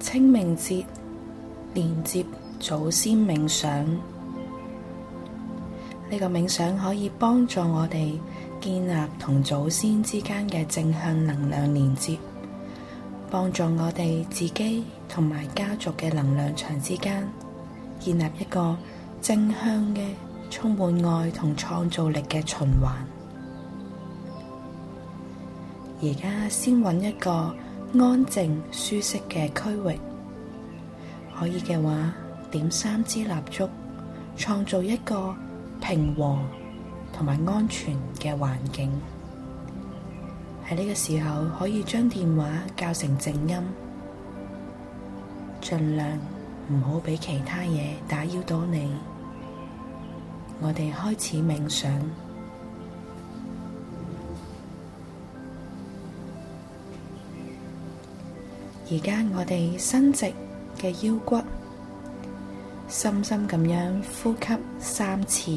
清明節連接祖先冥想，呢個冥想可以幫助我哋建立同祖先之間嘅正向能量連接，幫助我哋自己同埋家族嘅能量場之間建立一個正向嘅充滿愛同創造力嘅循環。而家先揾一個。安靜舒適嘅區域，可以嘅話點三支蠟燭，創造一個平和同埋安全嘅環境。喺呢個時候，可以將電話校成靜音，盡量唔好畀其他嘢打擾到你。我哋開始冥想。而家我哋伸直嘅腰骨，深深咁樣呼吸三次，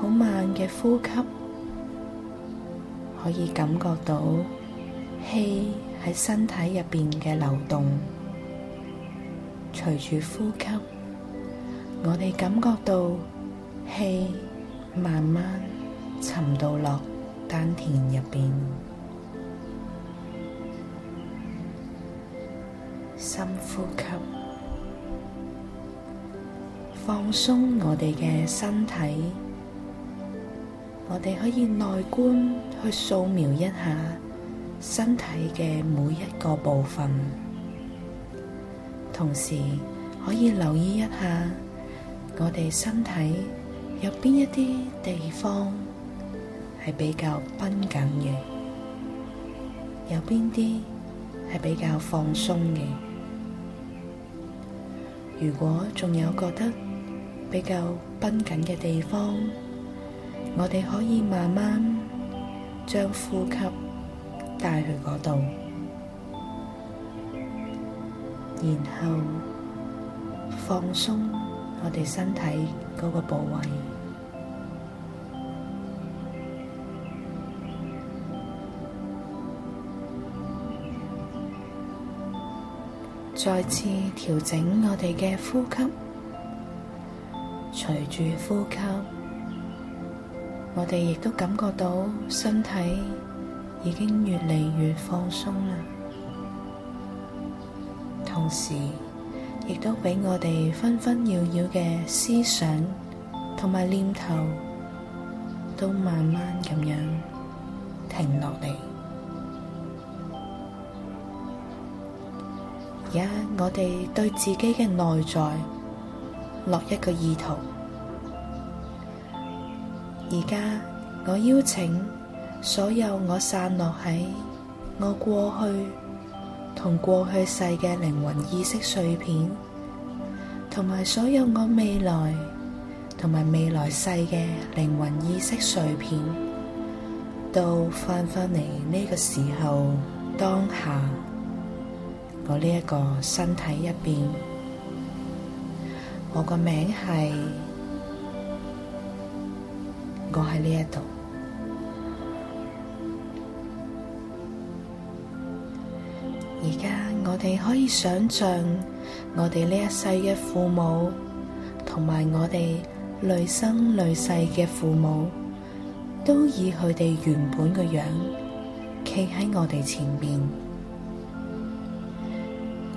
好慢嘅呼吸，可以感覺到氣喺身體入邊嘅流動。隨住呼吸，我哋感覺到氣慢慢沉到落丹田入邊。深呼吸，放鬆我哋嘅身體。我哋可以內觀去掃描一下身體嘅每一個部分，同時可以留意一下我哋身體有邊一啲地方係比較繃緊嘅，有邊啲係比較放鬆嘅。如果仲有覺得比較繃緊嘅地方，我哋可以慢慢將呼吸帶去嗰度，然後放鬆我哋身體嗰個部位。再次調整我哋嘅呼吸，隨住呼吸，我哋亦都感覺到身體已經越嚟越放鬆啦，同時亦都俾我哋紛紛擾擾嘅思想同埋念頭都慢慢咁樣停落嚟。而家我哋對自己嘅內在落一個意圖。而家我邀請所有我散落喺我過去同過去世嘅靈魂意識碎片，同埋所有我未來同埋未來世嘅靈魂意識碎片，到翻返嚟呢個時候，當下。我呢一個身體入邊，我個名係，我喺呢一度。而家我哋可以想象，我哋呢一世嘅父母，同埋我哋累生累世嘅父母，都以佢哋原本嘅樣，企喺我哋前面。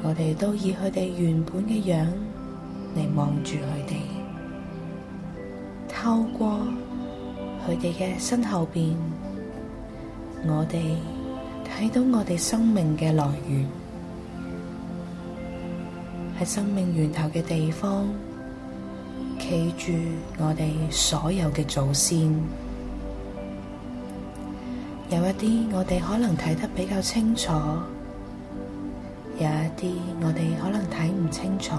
我哋都以佢哋原本嘅樣嚟望住佢哋，透過佢哋嘅身後邊，我哋睇到我哋生命嘅來源，喺生命源頭嘅地方，企住我哋所有嘅祖先，有一啲我哋可能睇得比較清楚。有一啲我哋可能睇唔清楚，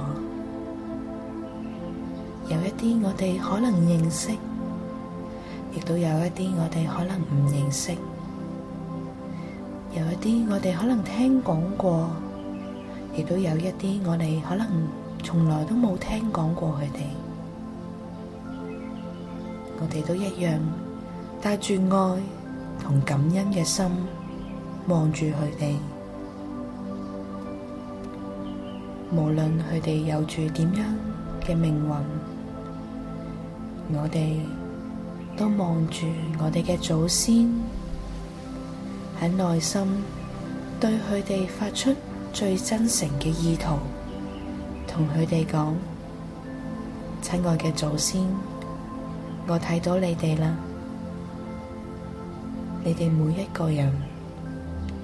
有一啲我哋可能認識，亦都有一啲我哋可能唔認識，有一啲我哋可能聽講過，亦都有一啲我哋可能從來都冇聽講過佢哋，我哋都一樣帶住愛同感恩嘅心望住佢哋。無論佢哋有住點樣嘅命運，我哋都望住我哋嘅祖先，喺內心對佢哋發出最真誠嘅意圖，同佢哋講：親愛嘅祖先，我睇到你哋啦，你哋每一個人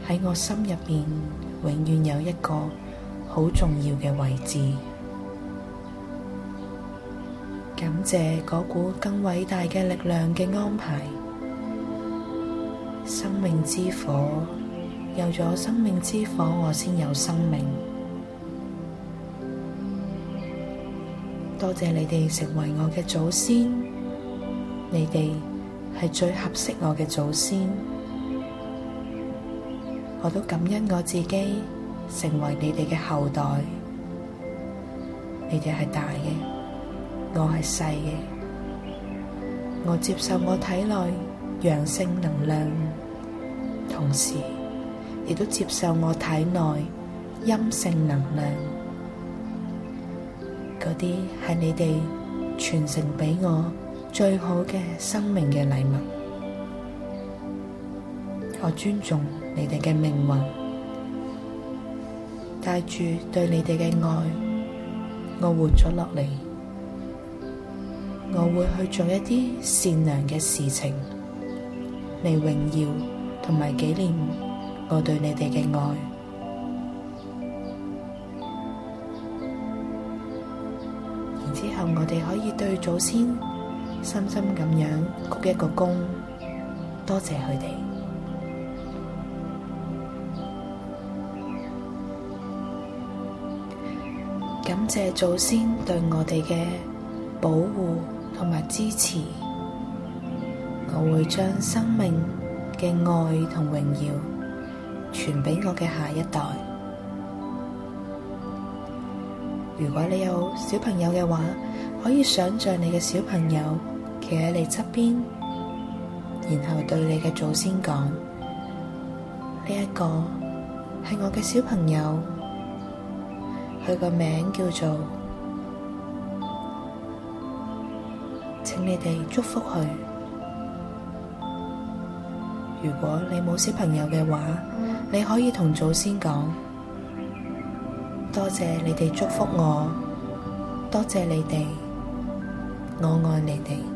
喺我心入面永遠有一個好重要嘅位置，感謝嗰股更偉大嘅力量嘅安排。生命之火，有咗生命之火，我先有生命。多謝你哋成為我嘅祖先，你哋係最合適我嘅祖先。我都感恩我自己。成為你哋嘅後代，你哋係大嘅，我係細嘅。我接受我體內陽性能量，同時亦都接受我體內陰性能量。嗰啲係你哋傳承俾我最好嘅生命嘅禮物，我尊重你哋嘅命運。帶住對你哋嘅愛，我活咗落嚟，我會去做一啲善良嘅事情，嚟榮耀同埋紀念我對你哋嘅愛。然之後我哋可以對祖先深深咁樣鞠一個躬，多謝佢哋。感謝祖先對我哋嘅保護同埋支持，我會將生命嘅愛同榮耀傳俾我嘅下一代。如果你有小朋友嘅話，可以想象你嘅小朋友企喺你側邊，然後對你嘅祖先講：呢一個係我嘅小朋友。佢個名叫做，請你哋祝福佢。如果你冇小朋友嘅話，嗯、你可以同祖先講，多謝你哋祝福我，多謝你哋，我愛你哋。